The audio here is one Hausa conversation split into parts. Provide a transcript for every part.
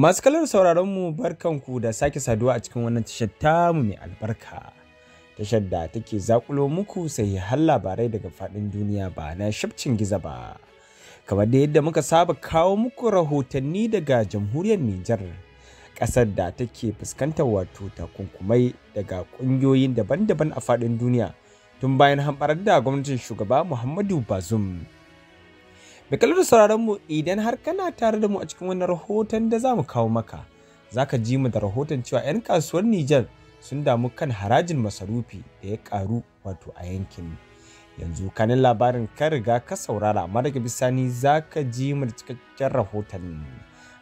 masu Maskalar sauraronmu barkanku da sake saduwa a cikin wannan tashar tamu mai albarka. Tashar da take zakulo muku sai har labarai daga faɗin duniya ba na shafcin giza ba. Kamar da yadda muka saba kawo muku rahotanni daga jamhuriyar Nijar, ƙasar da take fuskantar wato takunkumai daga ƙungiyoyin daban-daban a faɗin duniya tun bayan hamɓarar da gwamnatin shugaba Muhammadu Bazum. Da kallon sauraron mu idan har kana tare da mu a cikin wannan rahoton da za mu kawo maka, za ka ji mu da rahoton cewa 'yan kasuwar Nijar sun damu kan harajin masarufi da ya karu wato a yankin. Yanzu kanin labarin ka riga ka saurara amma daga bisani za ka ji mu da cikakken rahoton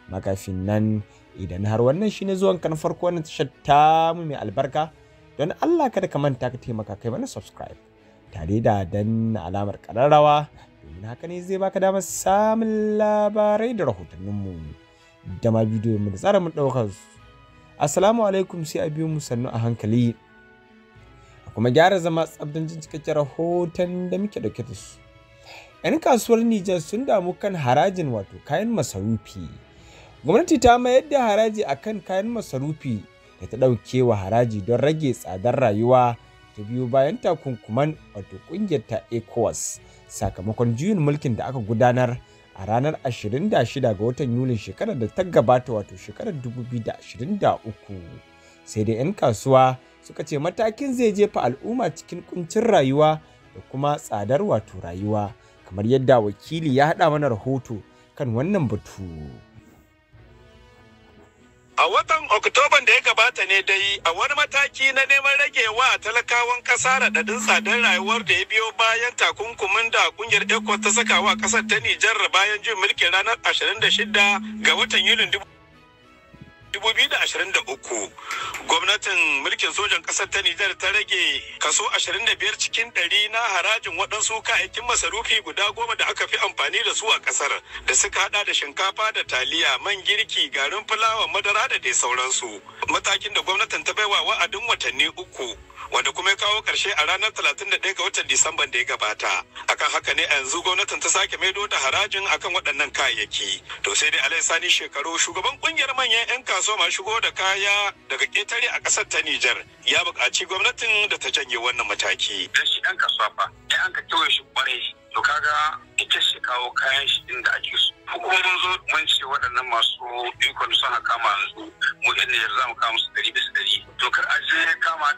magafin nan idan har wannan shine zuwan kan farko wannan tashar tamu mai albarka don Allah kada ka manta ka taimaka kai mana subscribe tare da danna alamar kararrawa domin haka ne zai baka damar samun labarai da rahotanninmu da ma mu da tsara mu ɗaukar su. Assalamu alaikum sai a biyo mu sannu a hankali. A kuma gyara zama tsabdan jin cikakken rahoton da muke ɗauke da su. 'Yan kasuwar Nijar sun damu kan harajin wato kayan masarufi. Gwamnati ta mayar da haraji akan kayan masarufi da ta ɗauke wa haraji don rage tsadar rayuwa ta biyu bayan takunkuman wato ƙungiyar ta ECOWAS. sakamakon juyin mulkin da aka gudanar a ranar 26 ga watan Yulin shekarar da ta gabata wato shekarar 2023. Sai dai 'yan kasuwa suka ce matakin zai jefa al'umma cikin kuncin rayuwa da kuma tsadar wato rayuwa kamar yadda wakili ya haɗa mana rahoto kan wannan batu. A watan Oktoban da ya gabata ne dai a wani mataki na neman rage wa talakawan ƙasa raɗaɗin tsadar rayuwar da ya biyo bayan takunkumin da ƙungiyar ECOWAS ta saka wa ƙasar ta Nijar bayan jin mulkin ranar 26 ga watan Yulin 2023 gwamnatin mulkin sojan ƙasar ta Nijar ta rage kaso 25 cikin 100 na harajin waɗansu kayayyakin masarufi guda goma da aka fi amfani da su a ƙasar da suka hada da shinkafa da taliya man girki garin fulawa madara da dai sauransu matakin da gwamnatin ta baiwa wa'adin watanni uku wanda kuma ya kawo karshe a ranar 31 ga watan Disamban da ya gabata. Akan haka ne a yanzu gwamnatin ta sake maido da harajin akan waɗannan kayayyaki. To sai dai Alai Sani shekaru shugaban kungiyar manyan 'yan kasuwa masu shigo da kaya daga ƙetare a ƙasar ta Nijar ya buƙaci gwamnatin da ta janye wannan mataki. Dan shi ɗan kasuwa fa, dan an ka kewaye shi shi to kaga ita shi kawo kayan shi inda ake so. Hukumar mun zo mun ce waɗannan masu ikon sun haka yanzu mu yan yanzu za mu kawo musu ɗari bisa ɗari. To kar a je kama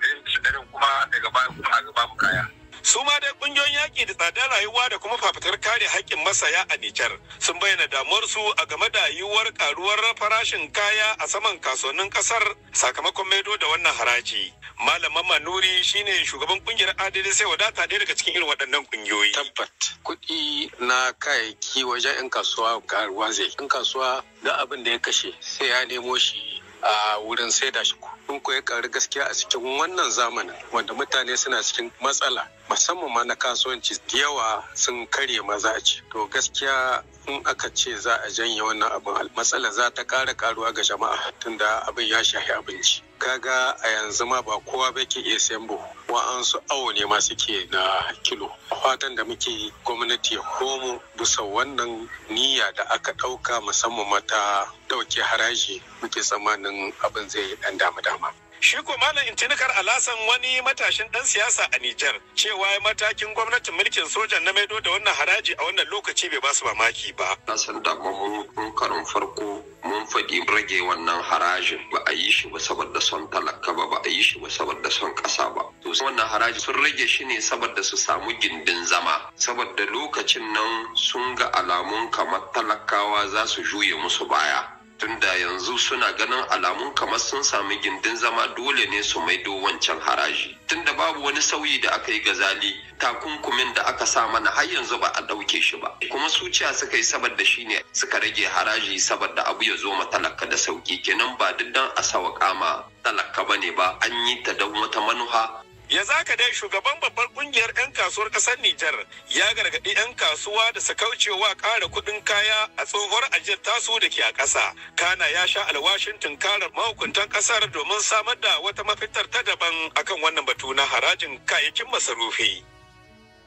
kuma daga baya kuma a gaba kaya. su ma dai kungiyoyin yaƙi da tsadar rayuwa da kuma fafutar kare haƙƙin masaya a Nijar sun bayyana damuwarsu a game da yiwuwar karuwar farashin kaya a saman kasuwannin ƙasar sakamakon maido da wannan haraji. Malam Manuri shine shugaban kungiyar adili sai wadata ɗaya daga cikin irin waɗannan kungiyoyi. Tabbat kuɗi na kayayyaki wajen 'yan kasuwa karuwa zai. 'Yan kasuwa da abin da ya kashe sai ya nemo shi a wurin saida shi kun ko ya karu gaskiya a cikin wannan zamanin wanda mutane suna cikin matsala musamman ma na kasuwanci da yawa sun karye maza ce to gaskiya in aka ce za a janye wannan abin matsala za ta ƙara karuwa ga jama'a tunda abin ya shahi abinci kaga a yanzu ma ba kowa ba ke iya sayan buhu wa'ansu awo ne ma suke na kilo fatan da muke gwamnati ya komo bisa wannan niyya da aka ɗauka musamman mata ɗauke haraji muke tsammanin abin zai ɗan dama-dama Shi ko Malam Intinikar Alasan wani matashin ɗan siyasa a Nijar cewa matakin gwamnatin mulkin sojan na maido da wannan haraji a wannan lokaci bai basu mamaki ba. Na san da mun karin farko mun faɗi rage wannan harajin ba a yi shi ba saboda son talaka ba ba a yi shi ba saboda son ƙasa ba. To wannan haraji sun rage shi ne saboda su samu gindin zama saboda lokacin nan sun ga alamun kamar talakawa za su juye musu baya. tunda yanzu suna ganin alamun kamar sun sami gindin zama dole ne su maido wancan haraji tunda babu wani sauyi da aka yi ga zali takunkumin da aka sa mana har yanzu ba a ɗauke shi ba kuma suciya suka yi saboda shi ne suka rage haraji saboda abu ya zo ma talaka da sauki kenan ba duk dan a sawa kama talaka ne ba an yi ta da wata manuha ya zaka dai shugaban babbar kungiyar 'yan kasuwar kasar Nijar ya gargaɗi 'yan kasuwa da su kaucewa ƙara kuɗin kaya a tsohuwar ajiyar tasu da ke a ƙasa. Kana ya sha alwashin tunkarar mahukuntan ƙasar domin samar da wata mafitar ta daban akan wannan batu na harajin kayayyakin masarufi.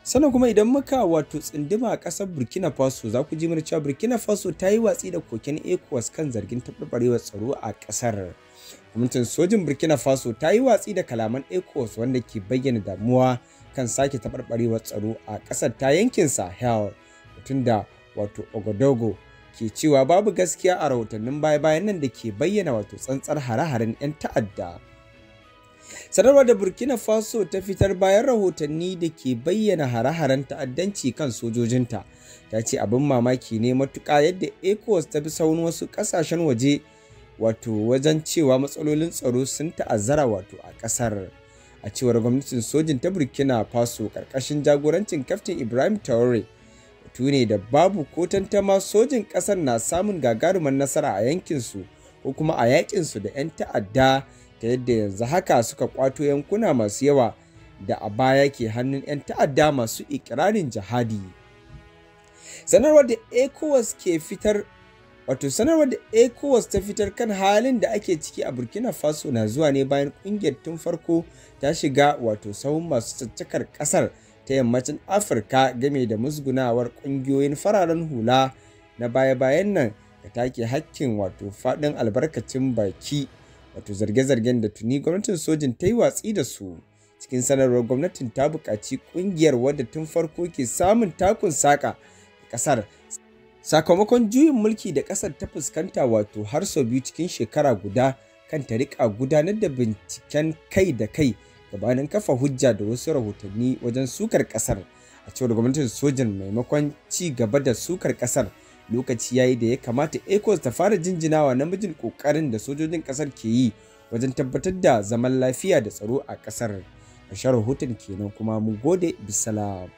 sannan kuma idan muka wato tsindima a ƙasar burkina faso za ku ji mana cewa burkina faso ta yi watsi da koken ecowas kan zargin taɓarɓarewar tsaro a ƙasar gwamnatin sojin burkina faso ta yi watsi da kalaman ecos wanda ke bayyana damuwa kan sake taɓarɓarewar tsaro a ƙasar ta yankin sahel mutum da wato ogodogo ke cewa babu gaskiya a rahotannin baya-bayan nan da ke bayyana wato tsantsar hare-haren 'yan ta'adda sanarwar da burkina faso ta fitar bayan rahotanni da ke bayyana hare-haren ta'addanci kan sojojinta ta ce abin mamaki ne matuƙa yadda ecos ta bi saunin wasu ƙasashen waje wato wajen cewa matsalolin tsaro sun ta'azzara wato a ƙasar a cewar gwamnatin sojin ta burkina faso ƙarƙashin jagorancin kaftin ibrahim Taure. Tune da babu ko tantama sojin ƙasar na samun gagarumar nasara a yankinsu ko kuma a yaƙinsu da 'yan ta'adda ta yadda yanzu haka suka kwato yankuna masu yawa da a baya ke hannun 'yan ta'adda masu ikirarin jihadi sanarwar da ecowas ke fitar Wato sanarwar da ECOWAS ta fitar kan halin da ake ciki a Burkina Faso na zuwa ne bayan kungiyar tun farko ta shiga wato sahun masu caccakar kasar ta yammacin Afirka game da musgunawar kungiyoyin fararen hula na baya-bayan nan da take hakkin wato faɗin albarkacin baki wato zarge-zargen da tuni gwamnatin sojin ta yi watsi da su. Cikin sanarwar gwamnatin ta buƙaci kungiyar wadda tun farko ke samun takun saƙa ƙasar Sakamakon juyin mulki da ƙasar ta fuskanta wato har sau biyu cikin shekara guda kan ta riƙa gudanar da binciken kai da kai gabanin kafa hujja da wasu rahotanni wajen sukar ƙasar. A cewar gwamnatin sojan maimakon ci gaba da sukar ƙasar lokaci ya yi da ya kamata ecos ta fara jinjinawa namijin ƙoƙarin da sojojin ƙasar ke yi wajen tabbatar da zaman lafiya da tsaro a ƙasar, ƙarshen rahoton kenan kuma mu gode bisalam